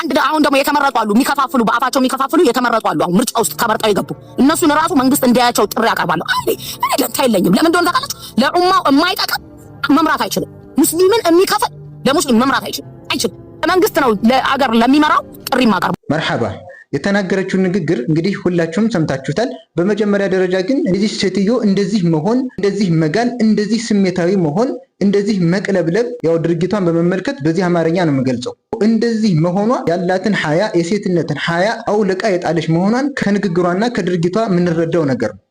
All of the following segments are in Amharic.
አንድ አሁን ደግሞ የተመረጡ አሉ፣ የሚከፋፍሉ በአፋቸው የሚከፋፍሉ የተመረጡ አሉ። አሁን ምርጫ ውስጥ ተመርጠው የገቡ እነሱን ራሱ መንግስት እንዳያቸው ጥሪ አቀርባለሁ። እኔ ለታ የለኝም። ለምን እንደሆነ ታውቃላችሁ? ለኡማው የማይጠቅም መምራት አይችልም። ሙስሊምን የሚከፍል ለሙስሊም መምራት አይችልም አይችልም። መንግስት ነው ለአገር ለሚመራው ጥሪ ማቀርበው። መርሐባ የተናገረችው ንግግር እንግዲህ ሁላችሁም ሰምታችሁታል። በመጀመሪያ ደረጃ ግን እንደዚህ ሴትዮ እንደዚህ መሆን፣ እንደዚህ መጋል፣ እንደዚህ ስሜታዊ መሆን፣ እንደዚህ መቅለብለብ ያው ድርጊቷን በመመልከት በዚህ አማርኛ ነው የምገልጸው እንደዚህ መሆኗ ያላትን ሀያ የሴትነትን ሀያ አውልቃ የጣለች መሆኗን ከንግግሯና ከድርጊቷ የምንረዳው ነገር ነው።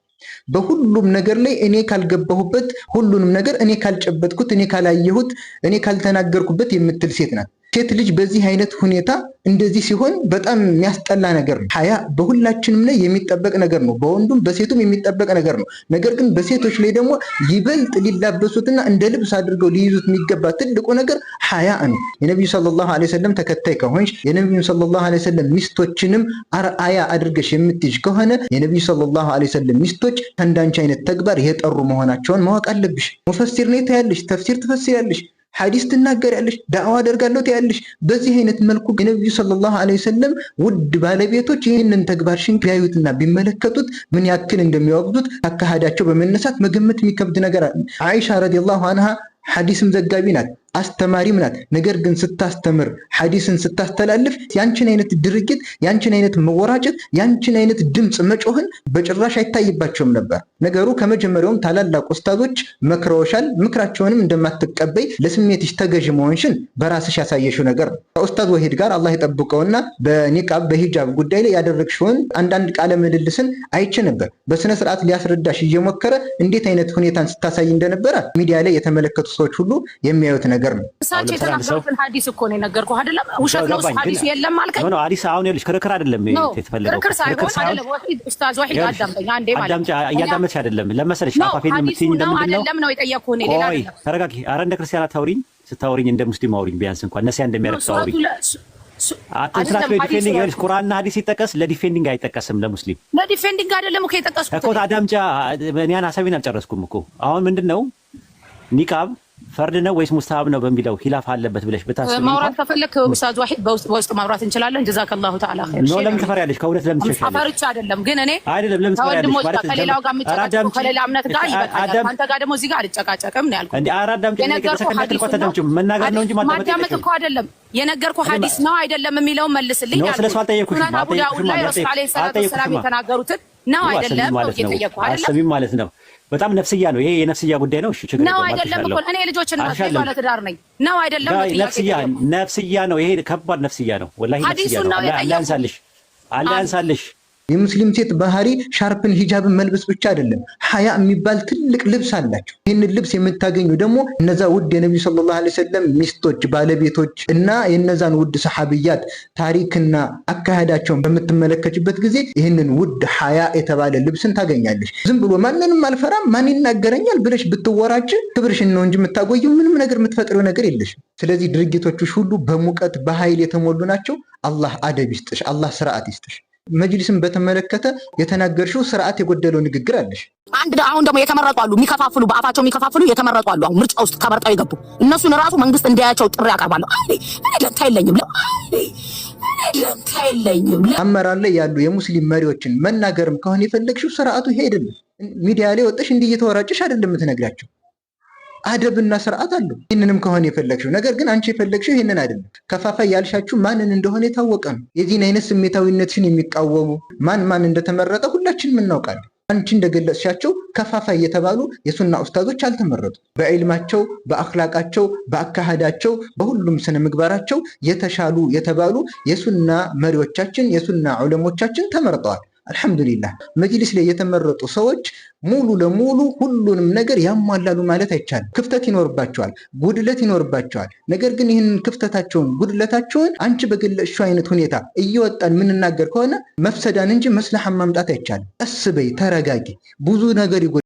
በሁሉም ነገር ላይ እኔ ካልገባሁበት፣ ሁሉንም ነገር እኔ ካልጨበጥኩት፣ እኔ ካላየሁት፣ እኔ ካልተናገርኩበት የምትል ሴት ናት። ሴት ልጅ በዚህ አይነት ሁኔታ እንደዚህ ሲሆን በጣም የሚያስጠላ ነገር ነው። ሀያ በሁላችንም ላይ የሚጠበቅ ነገር ነው። በወንዱም በሴቱም የሚጠበቅ ነገር ነው። ነገር ግን በሴቶች ላይ ደግሞ ይበልጥ ሊላበሱትና እንደ ልብስ አድርገው ሊይዙት የሚገባ ትልቁ ነገር ሀያ ነው። የነቢዩ ሰለላሁ ዐለይሂ ወሰለም ተከታይ ከሆንሽ፣ የነቢዩ ሰለላሁ ዐለይሂ ወሰለም ሚስቶችንም አርአያ አድርገሽ የምትይዥ ከሆነ የነቢዩ ሰለላሁ ዐለይሂ ወሰለም ሚስቶች ከእንዳንቺ አይነት ተግባር የጠሩ መሆናቸውን ማወቅ አለብሽ። ሙፈሲር ነይ ታያለሽ፣ ተፍሲር ትፈስያለሽ ሐዲስ ትናገሪያለሽ፣ ዳዕዋ አደርጋለሁ ትያለሽ። በዚህ አይነት መልኩ የነቢዩ ሰለላሁ ዐለይሂ ወሰለም ውድ ባለቤቶች ይህንን ተግባርሽን ቢያዩትና ቢመለከቱት ምን ያክል እንደሚወቅዱት አካሄዳቸው በመነሳት መገመት የሚከብድ ነገር አለ። አይሻ ረዲየላሁ አንሃ ሐዲስም ዘጋቢ ናት። አስተማሪም ናት። ነገር ግን ስታስተምር ሐዲስን ስታስተላልፍ ያንችን አይነት ድርጊት፣ ያንችን አይነት መወራጨት፣ ያንችን አይነት ድምፅ መጮህን በጭራሽ አይታይባቸውም ነበር። ነገሩ ከመጀመሪያውም ታላላቅ ኡስታዞች መክረውሻል። ምክራቸውንም እንደማትቀበይ ለስሜትሽ ተገዥ መሆንሽን በራስሽ ያሳየሽው ነገር ነው። ከኡስታዝ ወሂድ ጋር አላህ የጠብቀውና በኒቃብ በሂጃብ ጉዳይ ላይ ያደረግሽውን አንዳንድ ቃለ ምልልስን አይቼ ነበር። በስነ ስርዓት ሊያስረዳሽ እየሞከረ እንዴት አይነት ሁኔታን ስታሳይ እንደነበረ ሚዲያ ላይ የተመለከቱ ሰዎች ሁሉ የሚያዩት ነገር ነገር ነው። እሳቸው የተናገሩትን ሀዲስ እኮ ነው የነገርኩህ አይደለም? ውሸት ነው የለም አልከኝ። ሀዲስ አሁን ይኸውልሽ፣ ክርክር አይደለም የተፈለገው። ክርክር ሳይሆን ኡስታዝ ወሒድ አዳምጠኝ አንዴ። ማለት እያዳመጥሽ አይደለም ለመሰለሽ የምትይኝ ነው የጠየቅኩህ። እኔ ሌላ ተረጋጊ። አረ እንደ ክርስቲያን አታውሪኝ፣ ስታውሪኝ እንደ ሙስሊም አውሪኝ። ቢያንስ እንኳን ነሲያ እንደሚያደርግ ይኸውልሽ፣ ቁርአንና ሀዲስ ይጠቀስ ለዲፌንዲንግ አይጠቀስም። ለሙስሊም ለዲፌንዲንግ አይደለም እኮ የጠቀስኩት እኮ። አዳምጫ እኔ ሀሳቤን አልጨረስኩም እኮ። አሁን ምንድን ነው ኒቃብ ፈርድ ነው ወይስ ሙስታሀብ ነው በሚለው ሂላፍ አለበት ብለሽ ብታስቢ ማውራት ከፈለክ ኡስታዝ ዋሂድ በውስጥ ማውራት እንችላለን። ጀዛከላሁ ተዓላ ኸይር። ነው ለምን ትፈሪያለሽ? ከእውነት ለምን ትሸሻለሽ? አፈርቻ አይደለም ግን እኔ አይደለም። ለምን ትፈሪያለሽ? ከሌላው ጋር የምጨቃጨቀው ከሌላ እምነት ጋር ይበቃኛል። አንተ ጋር ደግሞ እዚህ ጋር አልጨቃጨቅም ነው ያልኩት። እንዴ አራዳም ተከታተል እኮ አታዳምጪውም። መናገር ነው እንጂ ማዳመጥ እኮ አይደለም። የነገርኩህ ሀዲስ ነው አይደለም የሚለውን መልስልኝ ስለሱ አልጠየኩሽም። አቡ ዳውድ ላይ ረሱል ዓለይሂ ሰላቱ ወሰላም የተናገሩትን ነው አይደለም ማለት ነው። በጣም ነፍስያ ነው ይሄ፣ የነፍስያ ጉዳይ ነው። ችግር ነው አይደለም እኮ እኔ ነኝ ነው አይደለም። ነፍስያ ነፍስያ ነው ይሄ፣ ከባድ ነፍስያ ነው ወላሂ። ነፍስያ ነው አላንሳልሽ የሙስሊም ሴት ባህሪ ሻርፕን ሂጃብን መልበስ ብቻ አይደለም። ሀያ የሚባል ትልቅ ልብስ አላቸው። ይህን ልብስ የምታገኙ ደግሞ እነዛ ውድ የነቢዩ ሰለላሁ ዐለይሂ ወሰለም ሚስቶች፣ ባለቤቶች እና የነዛን ውድ ሰሓብያት ታሪክና አካሄዳቸውን በምትመለከችበት ጊዜ ይህንን ውድ ሀያ የተባለ ልብስን ታገኛለች። ዝም ብሎ ማንንም አልፈራም ማን ይናገረኛል ብለሽ ብትወራጭ ክብርሽን ነው እንጂ የምታቆይው ምንም ነገር የምትፈጥረው ነገር የለሽ። ስለዚህ ድርጊቶችሽ ሁሉ በሙቀት በኃይል የተሞሉ ናቸው። አላህ አደብ ይስጥሽ። አላህ ስርዓት ይስጥሽ። መጅሊስን በተመለከተ የተናገርሽው ስርዓት የጎደለው ንግግር አለሽ። አንድ አሁን ደግሞ የተመረጡ አሉ የሚከፋፍሉ በአፋቸው የሚከፋፍሉ የተመረጡ አሉ። አሁን ምርጫ ውስጥ ተመርጠው የገቡ እነሱን ራሱ መንግስት እንዲያያቸው ጥሪ ያቀርባሉ። እኔ ደንታ የለኝም፣ ደንታ የለኝም። አመራር ላይ ያሉ የሙስሊም መሪዎችን መናገርም ከሆነ የፈለግሽው ስርዓቱ ይሄ አይደለም። ሚዲያ ላይ ወጥሽ እንዲህ እየተወራጭሽ አይደለም የምትነግራቸው አደብና ስርዓት አለው። ይህንንም ከሆነ የፈለግሽው ነገር ግን አንቺ የፈለግሽው ይህንን አይደለም። ከፋፋይ ያልሻችሁ ማንን እንደሆነ የታወቀ ነው። የዚህን አይነት ስሜታዊነትሽን የሚቃወሙ ማን ማን እንደተመረጠ ሁላችንም እናውቃለን። አንቺ እንደገለጽሻቸው ከፋፋ የተባሉ የሱና ኡስታዞች አልተመረጡ። በዕልማቸው፣ በአክላቃቸው፣ በአካሃዳቸው፣ በሁሉም ስነ ምግባራቸው የተሻሉ የተባሉ የሱና መሪዎቻችን የሱና ዑለሞቻችን ተመርጠዋል። አልሐምዱሊላህ መጅሊስ ላይ የተመረጡ ሰዎች ሙሉ ለሙሉ ሁሉንም ነገር ያሟላሉ ማለት አይቻልም። ክፍተት ይኖርባቸዋል፣ ጉድለት ይኖርባቸዋል። ነገር ግን ይህንን ክፍተታቸውን፣ ጉድለታቸውን አንቺ በገለሹ አይነት ሁኔታ እየወጣን የምንናገር ከሆነ መፍሰዳን እንጂ መስለሐን ማምጣት አይቻልም። እስበይ ተረጋጊ። ብዙ ነገር